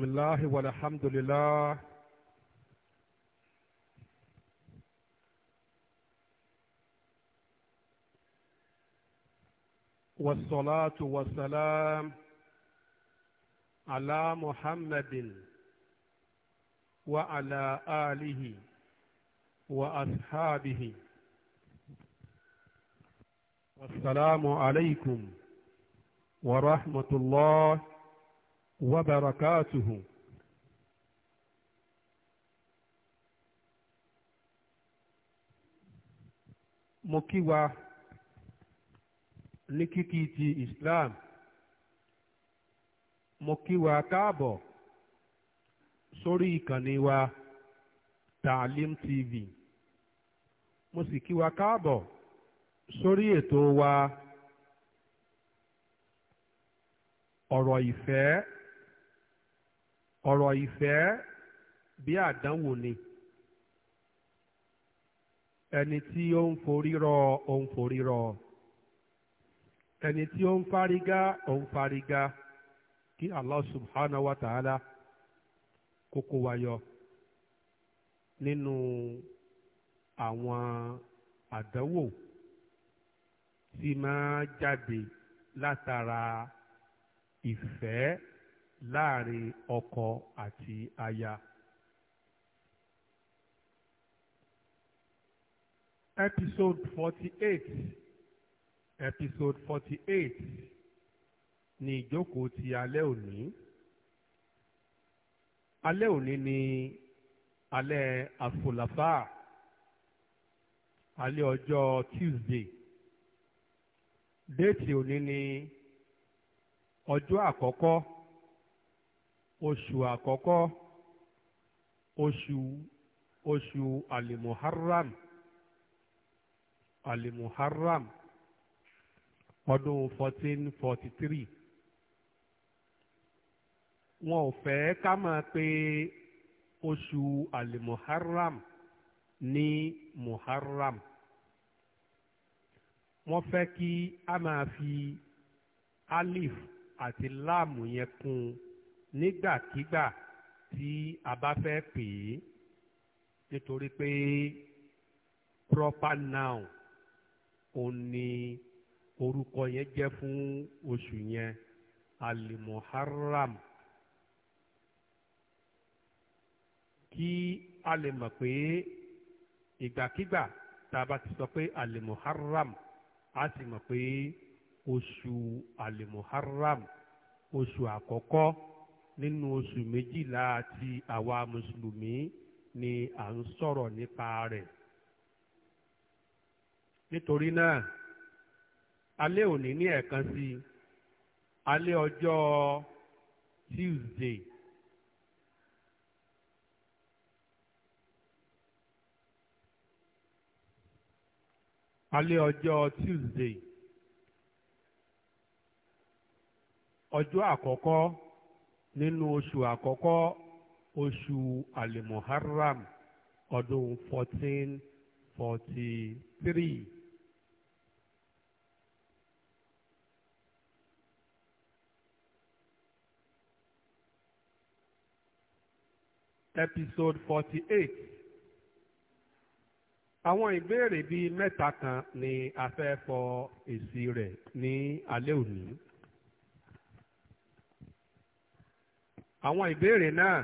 بسم الله والحمد لله والصلاة والسلام على محمد وعلى آله وأصحابه والسلام عليكم ورحمة الله وبركاته mo kí wa ní kíkí ti Islam mo kí wa káàbọ̀ sórí ìkànnì wa Taalim TV mo sì kí wa káàbọ̀ sórí ètò wa ọ̀rọ̀ ìfẹ́. ọ̀rọ̀ ìfẹ́ bí àdánwò ni ẹni tí ó ń forí rọ ó ń forí rọ ẹni tí ó ń fárígá ó ń fárígá kí Allah subhanahu wa ta'ala kókó wa yọ nínú àwọn àdánwò tí máa jáde látara ìfẹ́. láàrin ọkọ àti aya. episode forty eight episode forty eight ni ìjókòó ti alẹ́ òní alẹ́ òní ni alẹ́ àfòlàfà alẹ́ ọjọ́ Tuesday déètì òní ni ọjọ́ àkọ́kọ́ oṣù àkọ́kọ́ oṣù oṣù alimuharram alimuharram ọdún fourteen forty three wọn ò fẹ́ ká máa pe oṣù alimuharram ní muharram wọ́n fẹ́ kí a máa fi alif àti láàmù yẹn kún un nígbàkigbà tí a bá fẹ́ pè é nítorí pé proper noun òun ni orúkọ yẹn jẹ́ fún oṣù yẹn Alimuharam. kí a lè mọ̀ pé ìgbàkigbà tá a bá ti sọ pé alimuharram a sì mọ̀ pé oṣù alimuharram oṣù àkọ́kọ́. nínú oṣù méjìlá ti àwa mùsùlùmí ni à ń sọ̀rọ̀ nípa rẹ̀ nítorí náà alẹ́ òní ní ẹ̀ẹ̀kan sí alẹ́ ọjọ́ Tuesday alẹ́ ọjọ́ Tuesday ọjọ́ àkọ́kọ́. nínú oṣù àkọ́kọ́ oṣù alimuharram ọdún fourteen forty three. episode forty eight àwọn ìbéèrè bíi mẹ́ta kan ni a fẹ́ fọ èsì rẹ̀ ní alẹ́ òní. àwọn ìbéèrè náà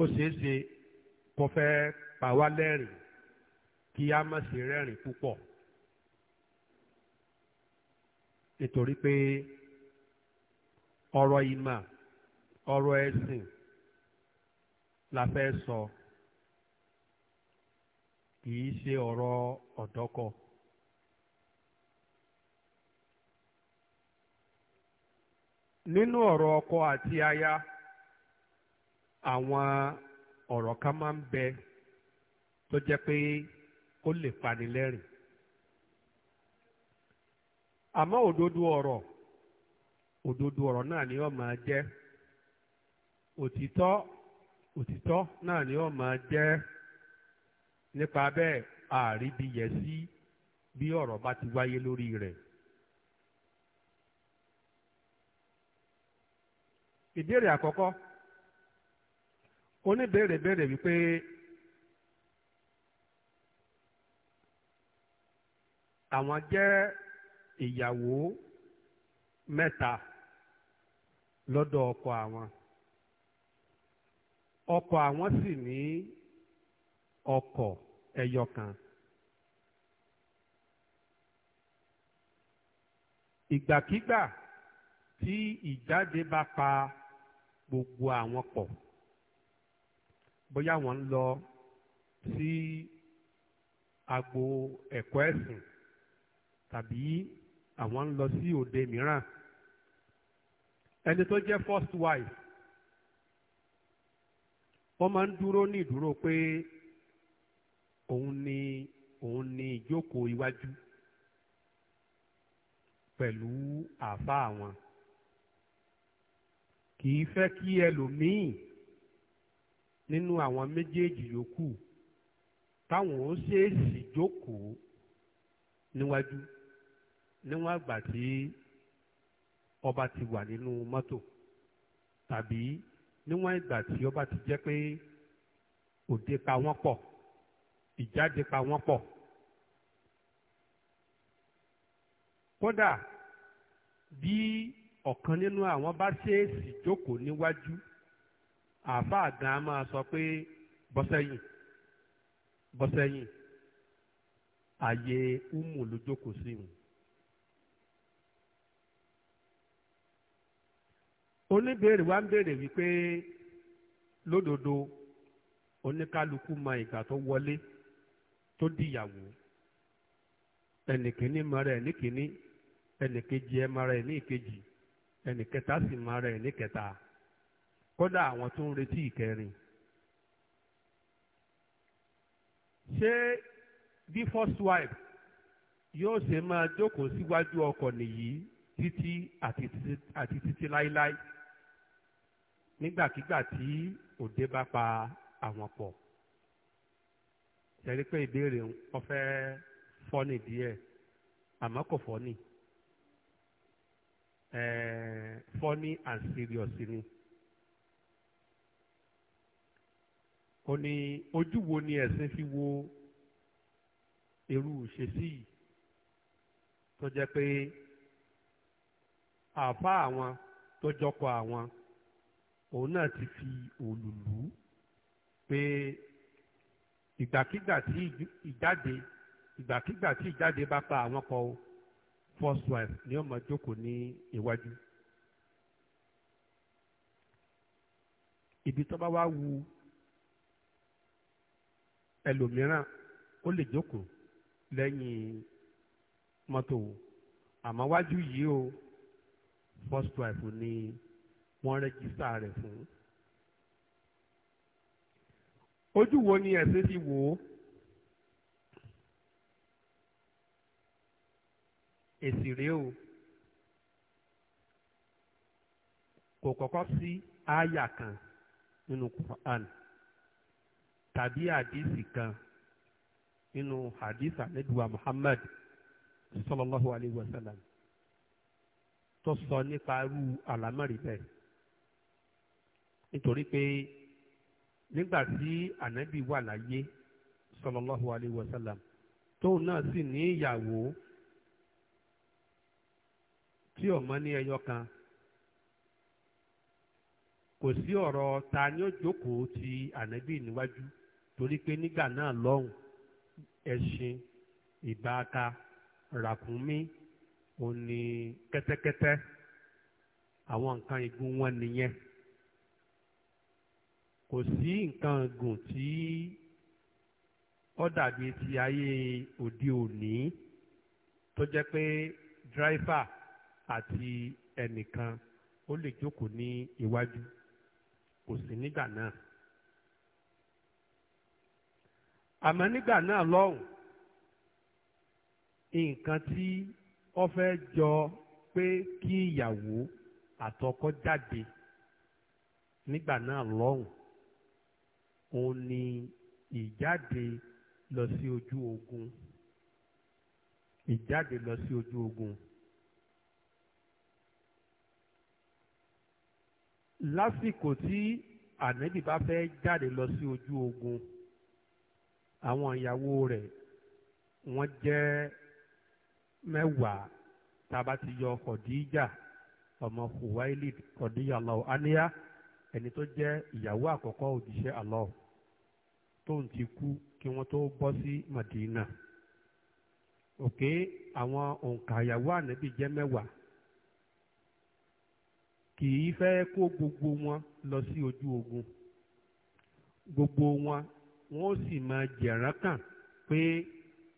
ó ṣeé ṣe kó fẹ́ pa wá lẹ́rìn kí a má sì rẹ́rìn púpọ̀ nítorí pé ọ̀rọ̀ ìmọ̀ ọ̀rọ̀ ẹ̀sìn la fẹ́ sọ kì í ṣe ọ̀rọ̀ ọ̀dọ́kọ̀. So. nínú ọ̀rọ̀ ọkọ àti aya àwọn ọ̀rọ̀ kan máa ń bẹ tó jẹ́ pé ó lè pani lẹ́rìn àmọ́ òdodo ọ̀rọ̀ òdodo ọ̀rọ̀ náà ni ó máa jẹ́ òtítọ́ òtítọ́ náà ni ó máa jẹ́ nípa bẹ́ẹ̀ àríbi yẹ̀ sí bí ọ̀rọ̀ bá ti wáyé lórí rẹ̀. ìbéèrè àkọ́kọ́ oníbéèrè béèrè wípé àwọn jẹ́ ìyàwó mẹ́ta lọ́dọ̀ ọkọ àwọn ọkọ àwọn sì ní ọkọ ẹyọ kan ìgbàkígbà tí ìjáde bá pa. gbogbo àwọn pọ̀ bóyá wọ́n ń lọ sí agbo ẹ̀kọ́ ẹ̀sìn tàbí àwọn ń lọ sí òde mìíràn ẹni tó jẹ́ first wife wọ́n máa ń dúró ní ìdúró pé òun ni òun ni ìjókòó iwájú pẹ̀lú àáfàá wọn. kì í fẹ́ kí ẹlòmíì nínú àwọn méjèèjì yòókù táwọn ó ṣèèṣì jókòó níwájú níwọ̀n àgbà tí ọba ti wà nínú mọ́tò tàbí níwọ̀n ìgbà tí ọba ti jẹ́ pé òde pa wọ́n pọ̀ ìjáde pa wọ́n pọ̀ kódà bí ọ̀kan nínú àwọn bá ṣèèsì jókòó níwájú àáfàá gan a máa sọ pé bọ́sẹ́yìn bọ́sẹ́yìn ààyè umu ló jókòó sí wọn. oníbèrè wa ń béèrè wípé lódodo oníkálukú mọ ìgbà tó wọlé tó dìyàwó ẹnìkíní mọ rẹ̀ níkíní ẹnìkejì ẹ mọ rẹ̀ ní ìkejì ẹnìkẹta sì máa rẹ̀ níkẹta kódà àwọn tó ń retí ìkẹrin. ṣé bí first wife yóò ṣe máa jókòó síwájú ọkọ nìyí títí àti títí láíláí nígbàkigbà tí òde bá pa àwọn pọ̀ ṣe rí pé ìbéèrè ọ̀fẹ́ fọ́nì díẹ̀ àmọ́ kò fọ́nì. Eh, funny and serious ni. ó ní ojú wo ni ẹ̀sìn fi wo irú ìṣesí yìí tó jẹ́ pé àfa àwọn tó jọkọ àwọn òun náà ti fi òlùlù pé ìgbàkigbà tí ìjáde ìgbàkigbà tí ìjáde bá pa àwọn kọ o first wife ni ó máa jókòó ní iwájú. ibi tó bá wá wu ẹlòmíràn ó lè jókòó lẹ́yìn mọ́tò àmọ́ wájú yìí o first wife ni wọ́n rẹ́gísítà rẹ̀ fún. ojú wo ni ẹ̀sìn ti wò ó. èsì rèé o kò kọ́kọ́ sí àyà kan nínú Quran tàbí àdìsí kan nínú àdìsí àlẹ́dùwà Muhammad sallallahu alayhi wa sallam tó sọ nípa irú àlámọ̀rí bẹ́ẹ̀ nítorí pé nígbà tí ànábì wà láyé sallallahu alayhi wa sallam tóun náà sì ní ìyàwó. tí ọmọ ní ẹyọ kan kò sí ọ̀rọ̀ ta ni ó jókòó ti ànábì níwájú torí pé nígbà náà lọ́hùn ẹṣin ìbaaka ràkúnmí òní kẹ́tẹ́kẹ́tẹ́ àwọn nǹkan igun wọn nìyẹn kò sí nǹkan gùn tí ó dàbí ti ayé òde òní tó jẹ́ pé àti ẹnìkan ó lè jókòó ní iwájú kò sí nígbà náà àmọ́ nígbà náà lọ́hùn nǹkan tí ó fẹ́ jọ pé kí ìyàwó àtọkọ jáde nígbà náà lọ́hùn òun ni ìjáde lọ sí ojú ogun ìjáde lọ sí ojú ogun lásìkò tí ànábì bá fẹ́ jáde lọ sí ojú ogun àwọn ìyàwó rẹ̀ wọ́n jẹ́ mẹ́wàá tàbá ti yọ kọ̀díjà ọmọ huwailid kọ̀díjà Allah aniya ẹni tó jẹ́ ìyàwó àkọ́kọ́ òjíṣẹ́ Allah tóun ti kú kí wọ́n tó bọ́ sí Madina òkè àwọn òǹkà ìyàwó ànábì jẹ́ mẹ́wàá kì í fẹ́ kó gbogbo wọn lọ sí ojú ogun gbogbo wọn wọn ó sì máa jẹ̀rán kàn pé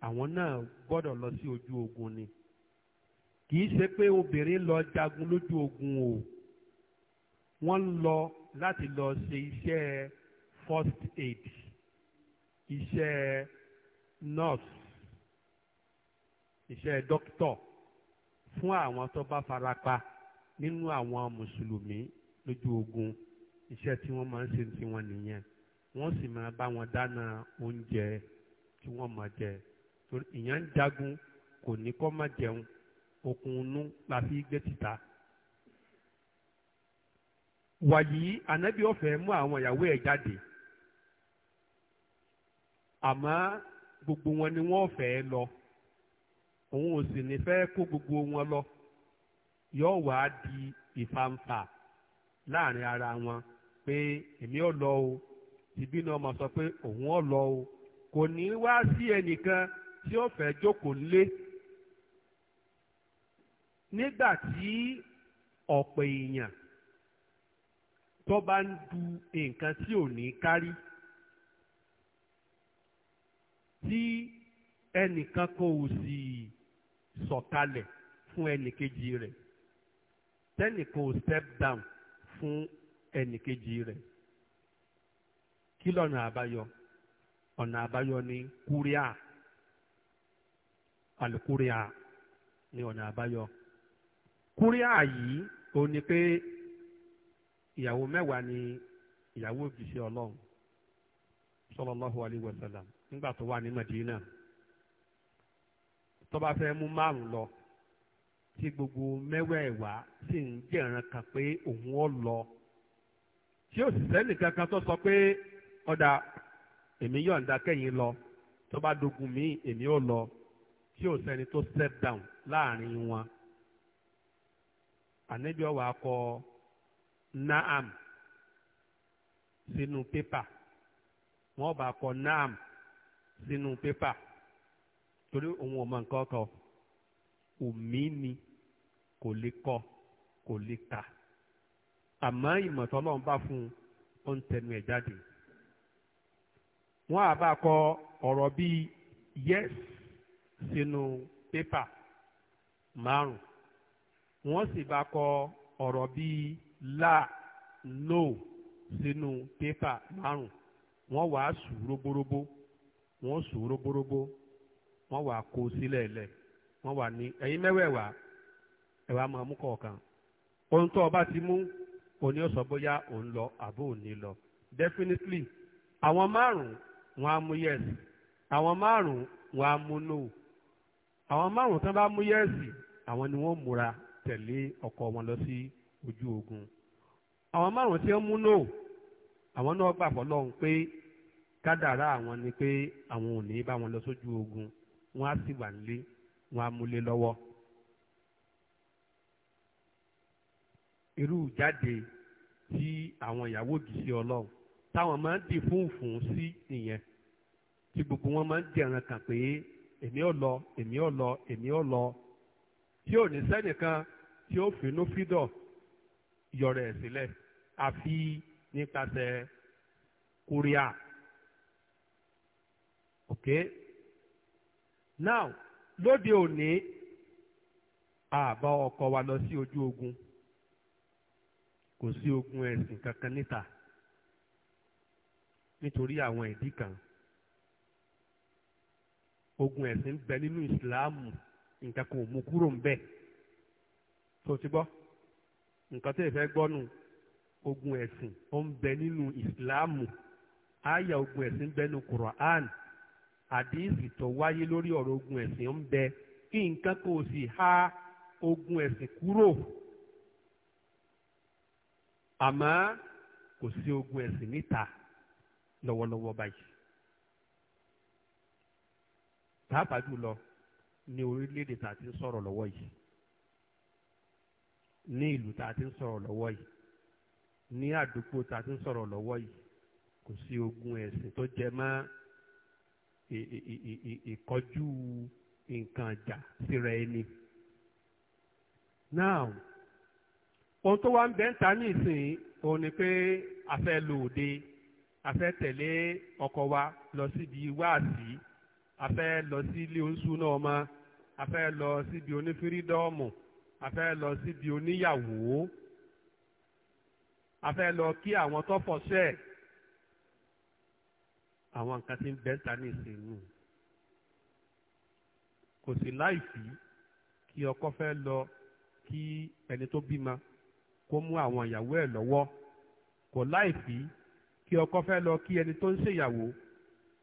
àwọn náà gbọ́dọ̀ lọ sí ojú ogun ni kì í ṣe pé obìnrin lọ jagun lójú ogun o wọ́n lọ láti lọ ṣe iṣẹ́ first aid iṣẹ́ nurse iṣẹ́ doctor fún àwọn tó bá farapa nínú àwọn mùsùlùmí lójú ogun iṣẹ́ tí wọ́n máa ń ṣe ti wọn nìyẹn wọ́n sì máa bá wọn dáná oúnjẹ tí wọ́n máa jẹ torí ìyẹn ń jagun kò ní kọ́ má jẹun okùn inú la fi gbé títa. wàyí ànábì ọ̀fẹ́ mú àwọn ìyàwó ẹ̀ jáde àmọ́ gbogbo wọn ni wọ́n fẹ́ lọ òun ò sì ní fẹ́ kó gbogbo wọn lọ yóò wá di ìfàǹfà láàrin ara wọn pé èmi ò lọ o tìbí náà mọ̀ sọ pé òun ò lọ o kò ní wá sí ẹnìkan tí ó fẹ́ jókòó lé nígbà tí ọ̀pọ̀ èèyàn tó bá ń du nǹkan tí ò ní kárí tí ẹnìkan kò sì sọ̀kalẹ̀ fún ẹnìkejì rẹ̀. tẹ́nìkan ò step down fún ẹnìkejì rẹ̀ kí lọ́nà àbáyọ ọ̀nà àbáyọ ní kúríà alukúríà ní ọ̀nà àbáyọ kúríà yìí ó ní pé ìyàwó mẹ́wàá ni ìyàwó òjíṣẹ́ ọlọ́run sallallahu alayhi wa nígbà tó wà ní Madina fẹ́ lọ tí gbogbo mẹ́wẹ̀ẹ̀wá sì ń jẹ̀ràn kan pé òun ó lọ tí ó sì sẹ́nì kankan tó sọ pé ọ̀dà èmi yọ̀ǹda kẹ́yìn lọ tó bá dogun mí èmi ó lọ tí ò sẹ́ni tó step down láàrin wọn ànẹ́bí ọ̀wà kọ naam sínú pépà wọ́n bá kọ naam sínú pépà torí òun ò mọ nǹkan kan òmí ni kò lè kọ kò lè kà àmọ́ ìmọ̀tọ́ ọlọ́run bá fún un ó ń tẹnu ẹ̀ jáde wọ́n á bá kọ ọ̀rọ̀ bíi yes sínú pépà márùn wọ́n sì bá kọ ọ̀rọ̀ bíi la no sínú pépà márùn wọ́n wàá sù róbóróbó wọ́n sù róbóróbó wọ́n wàá kó sílẹ̀ lẹ̀ wọ́n wà ní ẹ̀yin mẹ́wẹ̀ẹ̀wá ẹ wàá máa mú kọ̀ọ̀kan ohun tó o bá ti mú òní ó bóyá òun lọ àbó òní lọ definitely àwọn márùn wọn á mú yes àwọn márùn wọn á mú no àwọn márùn tán bá mú yes àwọn ni wọn múra tẹ̀lé ọkọ wọn lọ sí ojú ogun àwọn márùn tí wọn mú no àwọn náà gbà fọlọ́run pé kádàrá àwọn ni pé àwọn ò ní bá wọn lọ sójú ogun wọn á sì wà nílé wọn á múlé lọ́wọ́. irú jáde tí àwọn ìyàwó òjìṣẹ́ ọlọ́run táwọn máa ń dì fúnfún sí nìyẹn tí gbogbo wọn máa ń jẹran kàn pé èmi ò lọ èmi ò lọ èmi ò lọ tí ò ní sẹ́nìkan tí ó finú fídọ̀ yọrọ ẹ̀ sílẹ̀ àfi nípasẹ̀ kúríà ok now lóde òní àbá ọkọ wa lọ sí ojú ogun kò sí ogun ẹ̀sìn kankan níta nítorí àwọn ìdí kan ogun ẹ̀sìn bẹ nínú ìsìláàmù nǹkan kò mú kúrò ń bẹ̀ tó ti gbọ́ nǹkan tó ìfẹ́ gbọ́ nù ogun ẹ̀sìn ó ń bẹ nínú ìsìláàmù àyà ogun ẹ̀sìn bẹ nínú Quran àdíìsì tó wáyé lórí ọ̀rọ̀ ogun ẹ̀sìn ó ń bẹ kí nǹkan kò sì há ogun ẹ̀sìn kúrò àmọ́ kò sí ogun ẹ̀sìn níta lọ́wọ́lọ́wọ́ báyìí pàápàá jùlọ ní orílẹ̀-èdè tá a ti ń sọ̀rọ̀ lọ́wọ́ yìí ní ìlú tá a ti ń sọ̀rọ̀ lọ́wọ́ yìí ní àdúgbò tá a ti ń sọ̀rọ̀ lọ́wọ́ yìí kò sí ogun ẹ̀sìn tó jẹ mọ́ ìkọjú nǹkan ìjà síra ẹni. now ohun tó wá ń bẹ́ ń ta ní ìsìn òun ni pé a fẹ́ lọ òde a fẹ́ tẹ̀lé ọkọ wa lọ síbi wáàsí a fẹ́ lọ sí ilé oṣù náà ọmọ a fẹ́ lọ síbi onífírídọ́ọ̀mù a fẹ́ lọ síbi oníyàwó a fẹ́ lọ kí àwọn tó fọṣẹ́ àwọn nǹkan tí ń bẹ́ ń ta ní ìsìn nù kò sí láì fi kí ọkọ fẹ́ lọ kí ẹni tó bímọ kó mú àwọn ìyàwó ẹ̀ lọ́wọ́ kò láì fi kí ọkọ fẹ́ lọ kí ẹni tó ń ṣèyàwó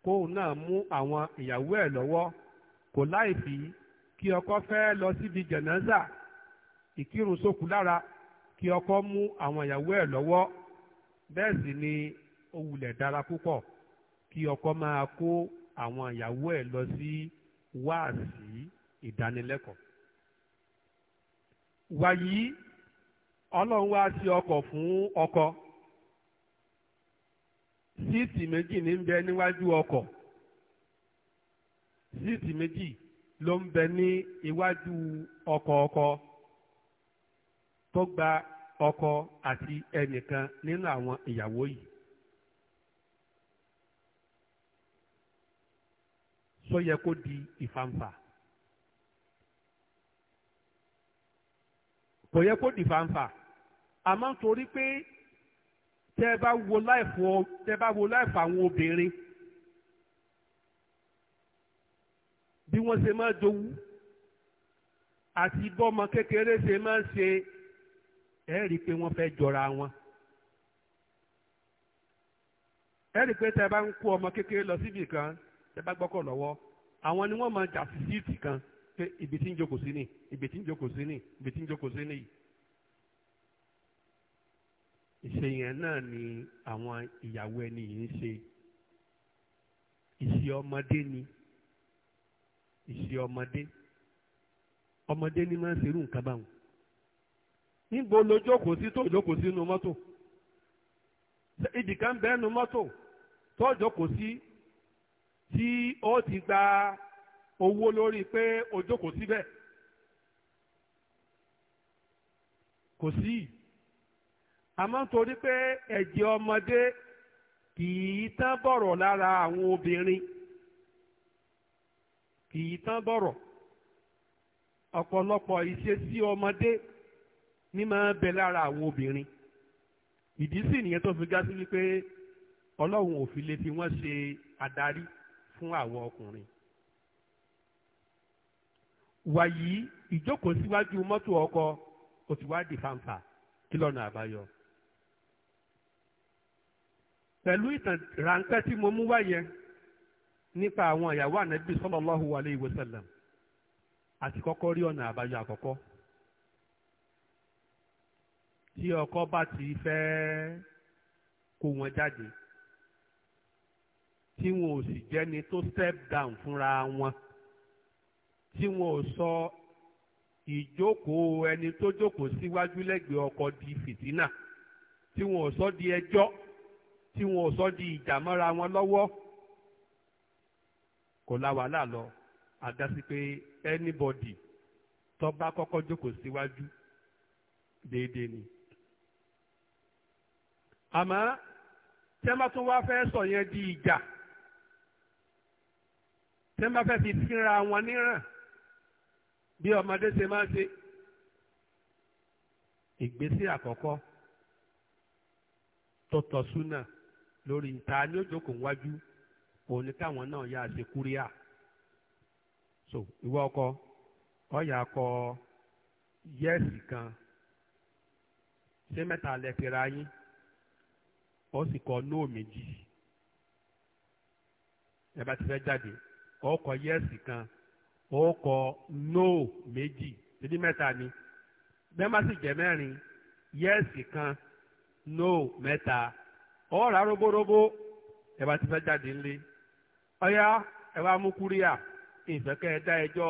kóun náà mú àwọn ìyàwó ẹ̀ lọ́wọ́ kò láì fi kí ọkọ fẹ́ lọ síbi jẹ̀nẹ́sà ìkírun sókù lára kí ọkọ mú àwọn ìyàwó ẹ̀ lọ́wọ́ bẹ́ẹ̀ sì ni ó wulẹ̀ dára púpọ̀ kí ọkọ máa kó àwọn ìyàwó ẹ̀ lọ sí wáàsí ìdánilẹ́kọ̀ọ́. wàyí ọlọ́run wá sí ọkọ̀ fún ọkọ síìtì méjì ní ń bẹ níwájú ọkọ̀ síìtì méjì ló ń bẹ ní iwájú ọkọ̀ ọkọ tó gba ọkọ àti ẹnìkan nínú àwọn ìyàwó yìí. sọ yẹ kó di ìfàǹfà. kò yẹ kó di fàǹfà àmọ́ torí pé tẹ́ bá wo láìfọ tẹ́ bá wo láìfọ àwọn obìnrin bí wọ́n ṣe máa jowú àti bọ́mọ kékeré ṣe máa ń ṣe ẹ rí i pé wọ́n fẹ́ jọra wọn ẹ rí i pé tẹ́ bá ń kó ọmọ kékeré lọ síbì kan tẹ́ bá gbọ́kọ̀ lọ́wọ́ àwọn ni wọ́n máa jà sí síìtì kan pé ibi tí ń jókòó sí ni ibi tí ń jókòó sí ni ibi tí ń jókòó sí ni yìí. ìṣe yẹn náà ni àwọn ìyàwó ẹni yìí ṣe ìṣe ọmọdé ni ìṣe ọmọdé ọmọdé ni máa ń ṣerú nǹkan báwọn níbo ló sí sínú mọ́tò nu mọ́tò sí tí ó ti gba owó lórí pé ó síbẹ̀ kò sí yìí. àmọ́ torí pé ẹ̀jẹ̀ ọmọdé kì í tán bọ̀rọ̀ lára àwọn obìnrin kì í tán bọ̀rọ̀ ọ̀pọ̀lọpọ̀ ìṣesí ọmọdé ní máa ń bẹ lára àwọn obìnrin ìdí sì nìyẹn tó fi gá sí wípé ọlọ́run ò fi lè fi wọ́n ṣe adarí fún àwọn ọkùnrin wàyí ìjókòó síwájú mọ́tò ọkọ ó wá di fàǹfà kí lọ́nà àbáyọ pẹ̀lú ìtàn ráńpẹ́ tí mo mú wáyẹ nípa àwọn ìyàwó ànábì sallallahu alayhi wa sallam àti kọ́kọ́ rí ọ̀nà àbáyọ àkọ́kọ́ tí ọkọ bá ti fẹ́ kó wọn jáde tí wọn ò sì jẹ́ni tó step down fúnra wọn tí wọn ò sọ ìjókòó ẹni tó jókòó síwájú lẹ́gbẹ̀ẹ́ ọkọ di fìtínà tí wọn ò sọ di ẹjọ́. E tí wọn ò sọ di ìjà mọ́ra wọn lọ́wọ́ kò la wàhálà lọ àdásí pé anybody tó bá kọ́kọ́ jókòó síwájú déédéé ni. àmọ́ tí wọ́n bá tún wá fẹ́ sọ yẹn di ìjà tí wọ́n bá fẹ́ fi fínra wọn níràn bí ọmọdé ṣe máa ṣe ìgbésí àkọ́kọ́ tó tọ́ súnà lórí ta ni ó jókòó wájú òun ni káwọn náà yà ṣe kúríà so ìwọ ọkọ ọyà kọ yẹ́ẹ̀sì kan ṣé mẹ́ta lẹ́pẹ̀rẹ̀ ayé ó sì kọ nóò méjì ẹ bá ti fẹ́ jáde ó kọ yẹ́ẹ̀sì kan ó kọ nóò méjì títí mẹ́ta ni bẹ́ẹ̀ má sì jẹ́ mẹ́rin yẹ́ẹ̀sì kan nóò mẹ́ta. No, ọ̀ọ́ra robóróbó ẹba ti fẹ́ jáde ńlẹ̀ ọya ẹ mú kúríà ìfẹ́kẹ́ ẹ ẹjọ́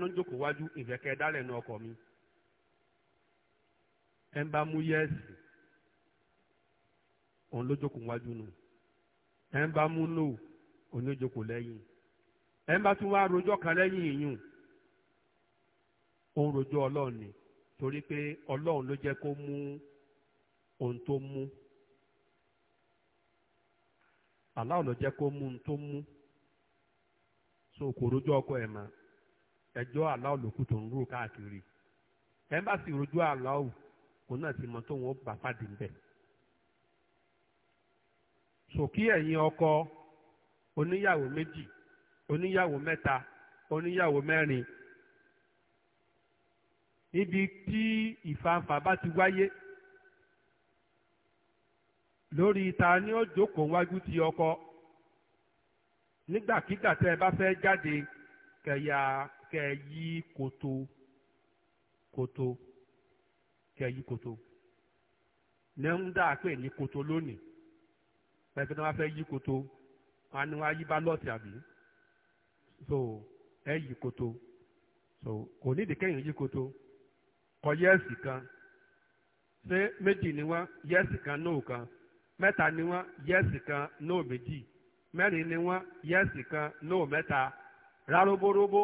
ló ń jókòó wájú ìfẹ́kẹ́ ẹ ọkọ mi ẹ ń bá mú yẹ́sì òun ló jókòó wájú nù ẹ ń bá mú nù òun ló jókòó ẹ ń bá tún wá ni torí pé ló ohun tó mú aláwọ̀ ló jẹ́ kó mú ohun tó mú so kò rójú ọkọ ẹ̀ mọ́ ẹjọ́ aláwọ̀ lòkù tó ń rò káàkiri ẹ̀ńbàsì rojú aláwọ̀ kò náà ti mọ tóun ó bà fàdí ń so kí ẹ̀yin ọkọ oníyàwó méjì oníyàwó mẹ́ta oníyàwó mẹ́rin níbi tí ìfàǹfà bá ti wáyé lórí ta ni ó jókòó wájú ti ọkọ nígbàkigbà tẹ́ ẹ bá fẹ́ jáde kẹ̀yà kẹ̀yí kòtò kòtò kẹ̀yí kòtò ní ń dà pé ní kòtò lónìí pẹ̀lú tí wọ́n fẹ́ yí kòtò wọn ni wọ́n á yí bálọ̀tì àbí so ẹ yí kòtò so kò nídìí kẹ́yìn yí kòtò kọ yẹ́ẹ̀sì kan ṣé méjì ni wọ́n yẹ́ẹ̀sì kan náà kan. No, mẹ́ta ni wọ́n yẹ́sì kan nóò méjì mẹ́rin ni wọ́n yẹ́sì kan nóò mẹ́ta ráróbóróbó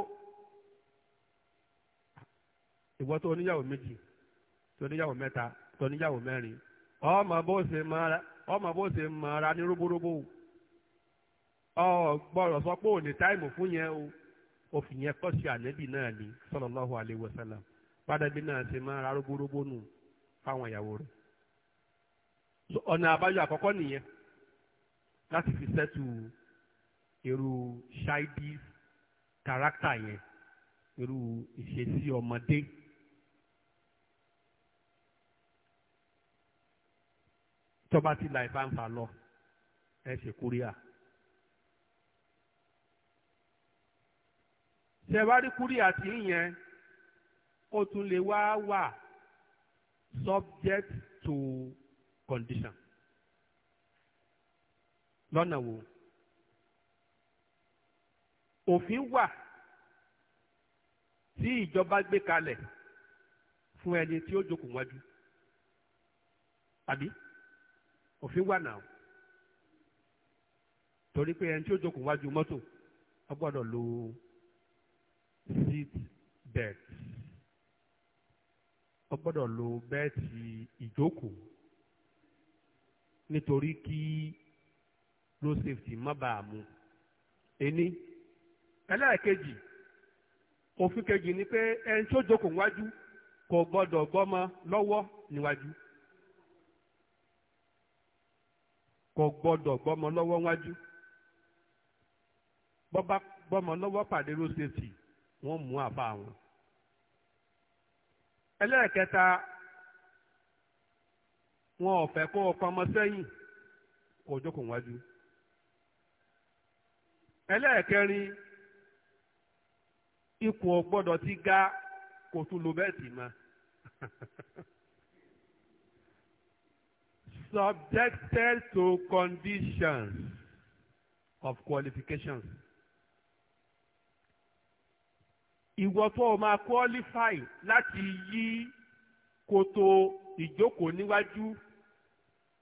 ìwọ tó oníyàwó méjì tó oníyàwó mẹ́ta tó oníyàwó mẹ́rin ọmọ bó ṣe máa ọmọ bó ṣe máa ra ní róbóróbó ọ gbọ́dọ̀ sọ pé táìmù fún yẹn o òfin yẹn kọ́ sí sallallahu náà ṣe nù fáwọn ọ̀nà àbáyọ àkọ́kọ́ nìyẹn láti fi sẹ́tù irú ṣáìdì kàrákítà yẹn irú ìṣesí ọmọdé. tọ́ba ti la ìfàǹfà lọ ẹ ṣe kúríà. ṣẹ̀wárí kúríà tí ń yẹn ó tún lè wá wà subject to condition lọ́nà wo òfin wà tí ìjọba gbé kalẹ̀ fún ẹni tí ó jókòó wájú àbí òfin wà náà torí pé ẹni tí ó jókòó wájú mọ́tò ó gbọ́dọ̀ lo seat belt ó gbọ́dọ̀ lo bẹ́ẹ̀tì ìjókòó nítorí kí road safety má bàa mú ẹni ẹlẹ́ẹ̀kejì òfin kejì ni pé ẹni tó jókòó wájú kò gbọ́dọ̀ gbọ́mọ lọ́wọ́ níwájú kò gbọ́dọ̀ gbọ́mọ lọ́wọ́ wájú bọ́bá gbọ́mọ lọ́wọ́ pàdé road safety wọ́n mú àbá wọn. ẹlẹ́ẹ̀kẹta wọn ò fẹ́ kó o pamọ́ sẹ́yìn kó o jókòó wájú. ẹlẹ́ẹ̀kẹrin ikùn ò ti ga kó tún lo bẹ́ẹ̀tì mọ́. subjected to conditions of qualifications. Ìwọ tó o máa qualify láti yí koto ìjókòó níwájú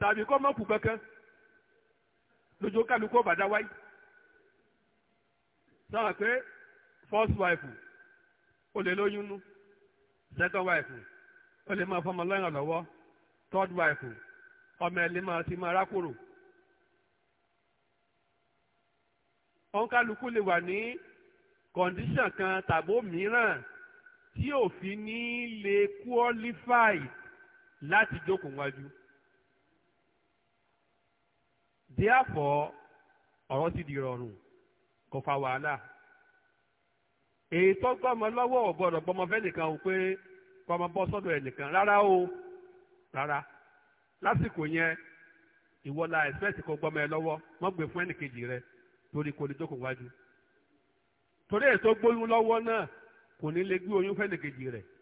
tàbí kọ́ mọ́kù kankan lójú kálukú ọ̀bàdá wáyé sọ̀rọ̀ pé first wife ó lè lóyún nú second wife ó lè máa fọmọ lọ́yàn lọ́wọ́ third wife ọmọ ẹ̀ lè máa ti máa rákòrò. ọ̀nkálukú lè wà ní kọ̀ǹdíṣàn kan tàbó mìíràn tí òfin ní lè qualify láti jókòó wájú therefore ọ̀rọ̀ ti di rọrùn kò fa wàhálà èyí tó gbọ́mọ lọ́wọ́ ò gbọ́dọ̀ gbọ́mọ fẹ́ nìkan o pé gbọ́mọ bọ́ sọ́dọ̀ ẹnìkan rárá o rárá lásìkò yẹn ìwọ la expect kó gbọ́mọ ẹ lọ́wọ́ mọ́ gbé fún ẹnìkejì rẹ torí kò ní jókòó wájú torí èyí tó gbóyún lọ́wọ́ náà kò ní lè gbé oyún fẹ́ nìkejì rẹ̀